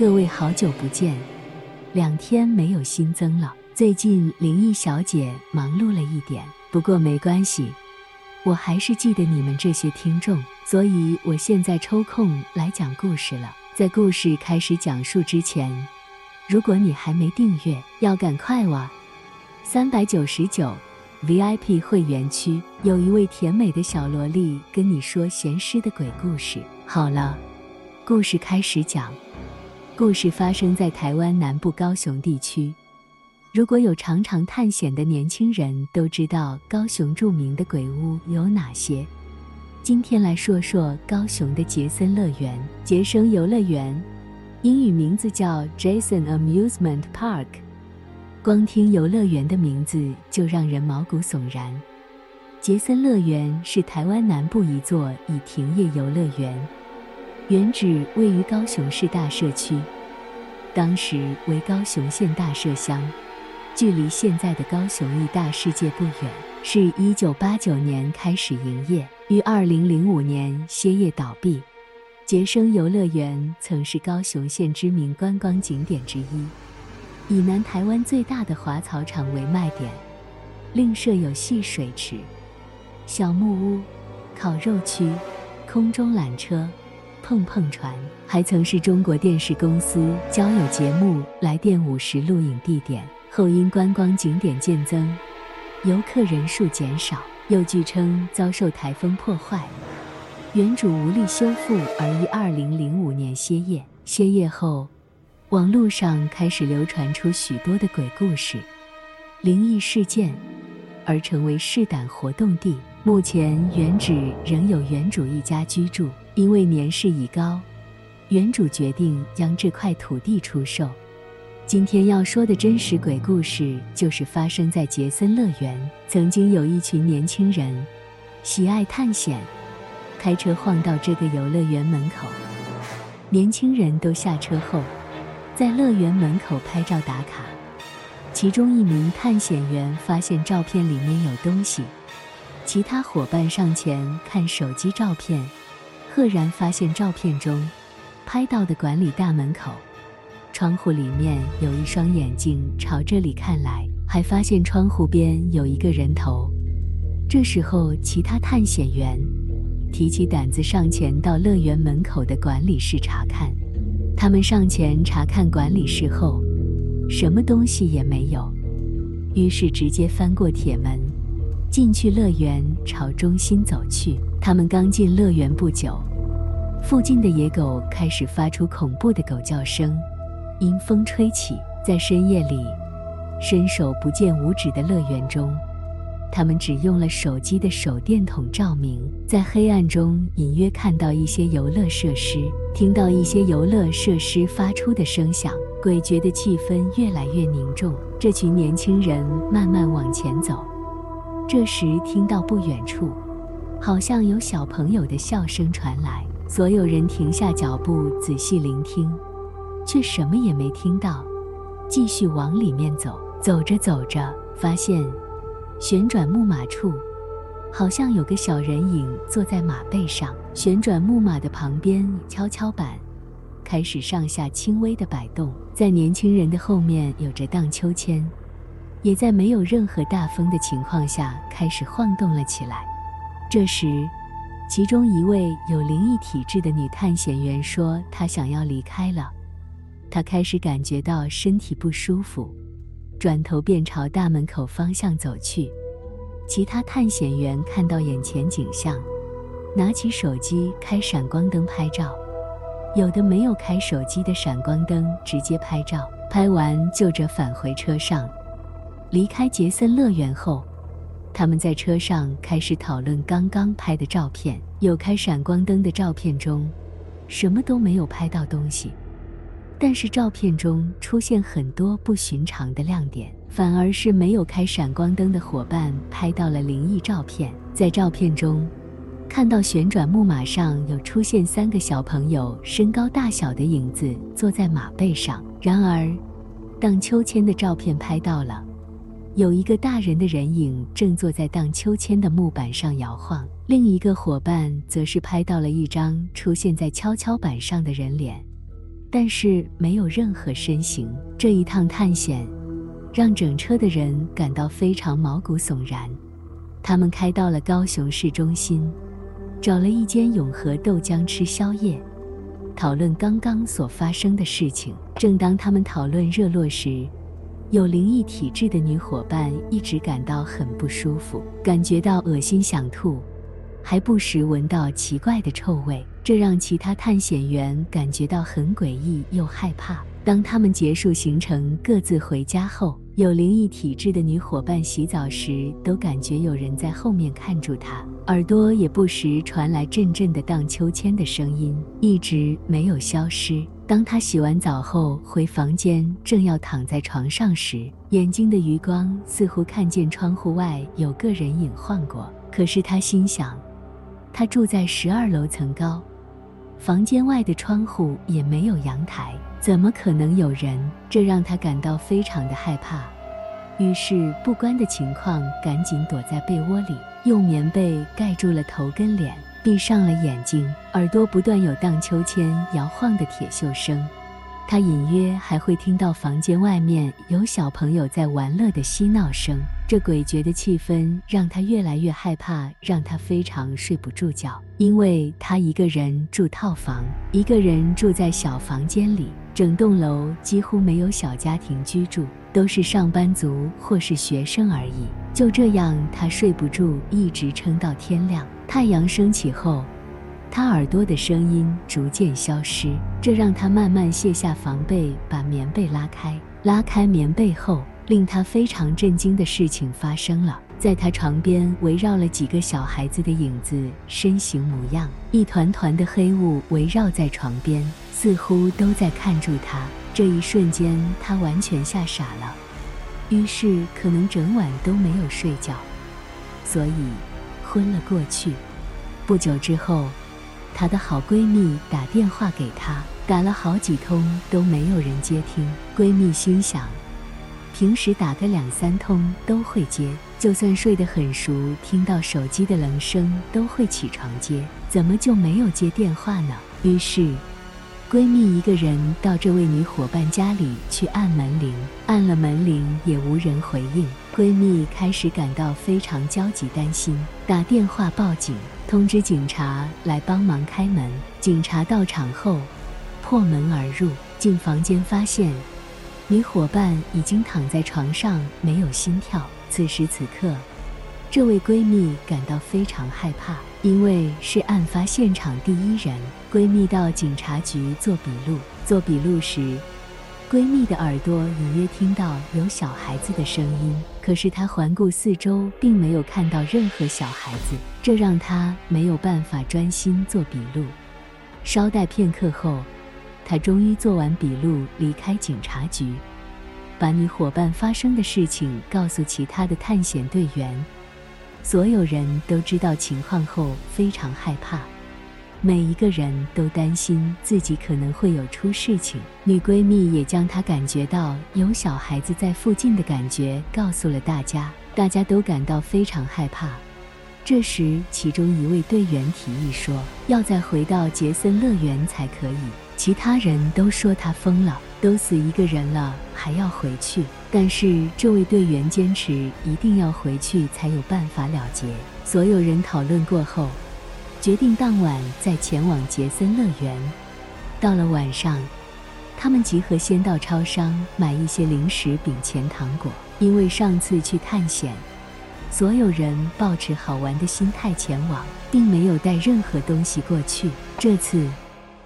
各位好久不見，兩天沒有新增了。最近靈異小姐忙碌了一點，不過沒關係，我還是記得你們這些聽眾，所以我現在抽空來講故事了。在故事開始講述之前，如果你還沒訂閱，要趕快哇！三百九十九，VIP 會員區有一位甜美的小蘿莉跟你說閒詩的鬼故事。好了，故事開始講。故事發生在台灣南部高雄地區。如果有常常探險的年輕人都知道高雄著名的鬼屋有哪些。今天來說說高雄的傑笙樂園、傑笙遊樂園，英語名字叫 Jason Amusement Park。光聽遊樂園的名字就讓人毛骨悚然。傑笙樂園是台灣南部一座已停業遊樂園。原址位於高雄市大社區，當時為高雄縣大社鄉，距離現在的高雄義大世界不遠。是一九八九年開始營業，於二零零五年歇業倒閉。傑笙遊樂園曾是高雄縣知名觀光景點之一，以南台灣最大的滑草場為賣點，另設有戲水池、小木屋、烤肉區、空中纜車。碰碰船還曾是中國電視公司交友節目《來電五十》錄影地點，後因觀光景點漸增，遊客人數減少，又據稱遭受台風破壞，原主無力修復而於2005年歇業。歇業後，網路上開始流傳出許多的鬼故事、靈異事件，而成為試膽活動地。目前原址仍有原主一家居住。因為年事已高，原主決定將這塊土地出售。今天要說的真實鬼故事，就是發生在傑笙樂園。曾經有一群年輕人，喜愛探險，開車晃到這個遊樂園門口。年輕人都下車後，在樂園門口拍照打卡。其中一名探險員發現照片裡面有東西，其他夥伴上前看手機照片。赫然發現照片中拍到的管理大門口窗戶裡面有一雙眼睛朝這裡看來，還發現窗戶邊有一個人頭。這時候，其他探險員提起膽子上前到樂園門口的管理室查看。他們上前查看管理室後，什麼東西也沒有，於是直接翻過鐵門，進去樂園，朝中心走去。他們剛進樂園不久，附近的野狗開始發出恐怖的狗叫聲。陰風吹起，在深夜裡，伸手不見五指的樂園中，他們只用了手機的手電筒照明，在黑暗中隱約看到一些遊樂設施，聽到一些遊樂設施發出的聲響。詭譎的氣氛越來越凝重，這群年輕人慢慢往前走。這時，聽到不遠處。好像有小朋友的笑聲傳來，所有人停下腳步，仔細聆聽，卻什麼也沒聽到，繼續往裡面走。走着走着，發現旋轉木馬處好像有個小人影坐在馬背上。旋轉木馬的旁邊，蹺蹺板開始上下輕微的擺動。在年輕人的後面，有着盪秋千，也在沒有任何大風的情況下開始晃動了起來。這時，其中一位有靈異體質的女探險員說她想要離開了，她開始感覺到身體不舒服，轉頭便朝大門口方向走去。其他探險員看到眼前景象，拿起手機開閃光燈拍照，有的沒有開手機的閃光燈直接拍照，拍完就着返回車上。離開傑笙樂園後。他們在車上開始討論剛剛拍的照片，有開閃光燈的照片中，什麼都沒有拍到東西，但是照片中出現很多不尋常的亮點，反而是沒有開閃光燈的夥伴拍到了靈異照片。在照片中，看到旋轉木馬上有出現三個小朋友身高大小的影子坐在馬背上，然而，盪秋千的照片拍到了。有一個大人的人影正坐在荡秋千的木板上搖晃，另一個夥伴則是拍到了一張出現在蹺蹺板上的人臉，但是沒有任何身形。這一趟探險讓整車的人感到非常毛骨悚然。他們開到了高雄市中心，找了一間永和豆漿吃宵夜，討論剛剛所發生的事情。正當他們討論熱絡時，有靈異體質的女夥伴一直感到很不舒服，感覺到噁心想吐，還不時聞到奇怪的臭味，這讓其他探險員感覺到很詭異又害怕。當他們結束行程，各自回家後，有靈異體質的女夥伴洗澡時，都感覺有人在後面看住她，耳朵也不時傳來陣陣的盪秋千的聲音，一直沒有消失。當她洗完澡後回房間，正要躺在床上時，眼睛的餘光似乎看見窗戶外有個人影晃過，可是她心想，她住在十二樓層高，房間外的窗戶也沒有陽台。怎麼可能有人？這讓他感到非常的害怕，於是不關的情況，趕緊躲在被窩裡，用棉被蓋住了頭跟臉，閉上了眼睛，耳朵不斷有盪秋千搖晃的鐵鏽聲，他隱約還會聽到房間外面有小朋友在玩樂的嬉鬧聲。這詭譎的氣氛讓他越來越害怕，讓他非常睡不住覺。因為他一個人住套房，一個人住在小房間裡，整棟樓幾乎沒有小家庭居住，都是上班族或是學生而已。就這樣，他睡不住，一直撐到天亮。太陽升起後，他耳朵的聲音逐漸消失，這讓他慢慢卸下防備，把棉被拉開。拉開棉被後，令她非常震驚的事情發生了，在她床邊圍繞了幾個小孩子的影子，身形模樣，一團團的黑霧圍繞在床邊，似乎都在看住她。這一瞬間，她完全嚇傻了，於是可能整晚都沒有睡覺，所以昏了過去。不久之後，她的好閨蜜打電話給她，打了好幾通都沒有人接聽，閨蜜心想。平時打個兩三通都會接，就算睡得很熟，聽到手機的鈴聲都會起床接。怎麼就沒有接電話呢？於是，閨蜜一個人到這位女夥伴家裡去按門鈴，按了門鈴也無人回應。閨蜜開始感到非常焦急擔心，打電話報警，通知警察來幫忙開門。警察到場後，破門而入，進房間發現。女夥伴已經躺在床上，沒有心跳。此時此刻，這位閨蜜感到非常害怕，因為是案發現場第一人。閨蜜到警察局做筆錄，做筆錄時，閨蜜的耳朵隱約聽到有小孩子的聲音，可是她環顧四周，並沒有看到任何小孩子，這讓她沒有辦法專心做筆錄。稍待片刻後。他終於做完筆錄，離開警察局，把你夥伴發生的事情告訴其他的探險隊員。所有人都知道情況後，非常害怕，每一個人都擔心自己可能會有出事情。女閨蜜也將她感覺到有小孩子在附近的感覺告訴了大家，大家都感到非常害怕。這時，其中一位隊員提議說，要再回到傑笙樂園才可以。其他人都說他瘋了，都死一個人了，還要回去？但是這位隊員堅持一定要回去，才有辦法了結。所有人討論過後，決定當晚再前往傑笙樂園。到了晚上，他們集合，先到超商買一些零食、餅乾、糖果。因為上次去探險，所有人抱持好玩的心態前往，並沒有帶任何東西過去。這次。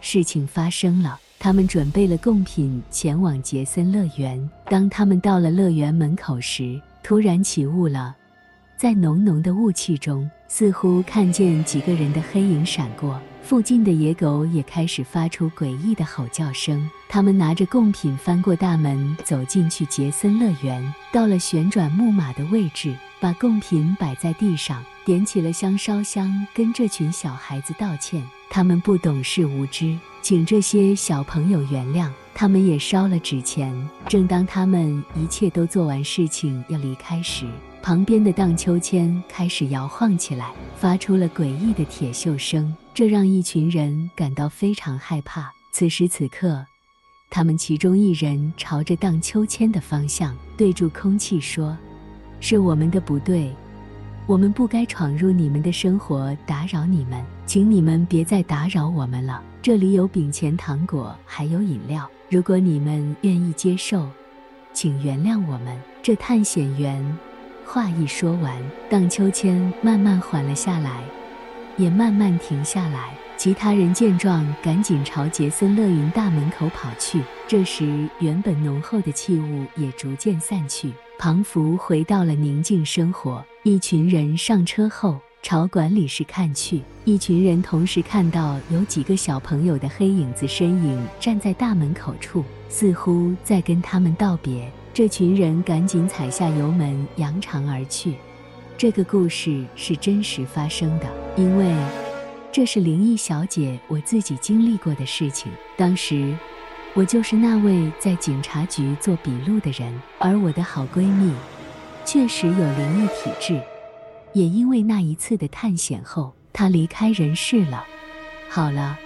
事情發生了，他們準備了貢品前往傑笙樂園。當他們到了樂園門口時，突然起霧了，在濃濃的霧氣中，似乎看見幾個人的黑影閃過。附近的野狗也開始發出詭異的吼叫聲。他們拿着貢品翻過大門，走進去傑笙樂園。到了旋轉木馬的位置，把貢品擺在地上。點起了香，燒香，跟這群小孩子道歉。他們不懂事，無知，請這些小朋友原諒。他們也燒了紙錢。正當他們一切都做完事情要離開時，旁邊的盪秋千開始搖晃起來，發出了詭異的鐵鏽聲，這讓一群人感到非常害怕。此時此刻，他們其中一人朝着盪秋千的方向對住空氣說：“是我們的不對。”我們不該闖入你們的生活，打擾你們，請你們別再打擾我們了。這裡有餅乾、糖果，還有飲料，如果你們願意接受，請原諒我們。這探險員話一說完，盪秋千慢慢緩了下來，也慢慢停下來。其他人見狀，趕緊朝傑笙樂園大門口跑去。這時，原本濃厚的氣霧也逐漸散去。龐福回到了寧靜生活。一群人上車後，朝管理室看去。一群人同時看到有幾個小朋友的黑影子身影站在大門口處，似乎在跟他們道別。這群人趕緊踩下油門，揚長而去。這個故事是真實發生的，因為這是靈異小姐我自己經歷過的事情。當時我就是那位在警察局做筆錄的人，而我的好閨蜜，確實有靈異體質，也因為那一次的探險後，她離開人世了。好了，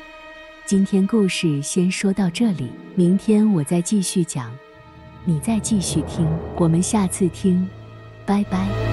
今天故事先說到這裡，明天我再繼續講，你再繼續聽，我們下次聽，拜拜。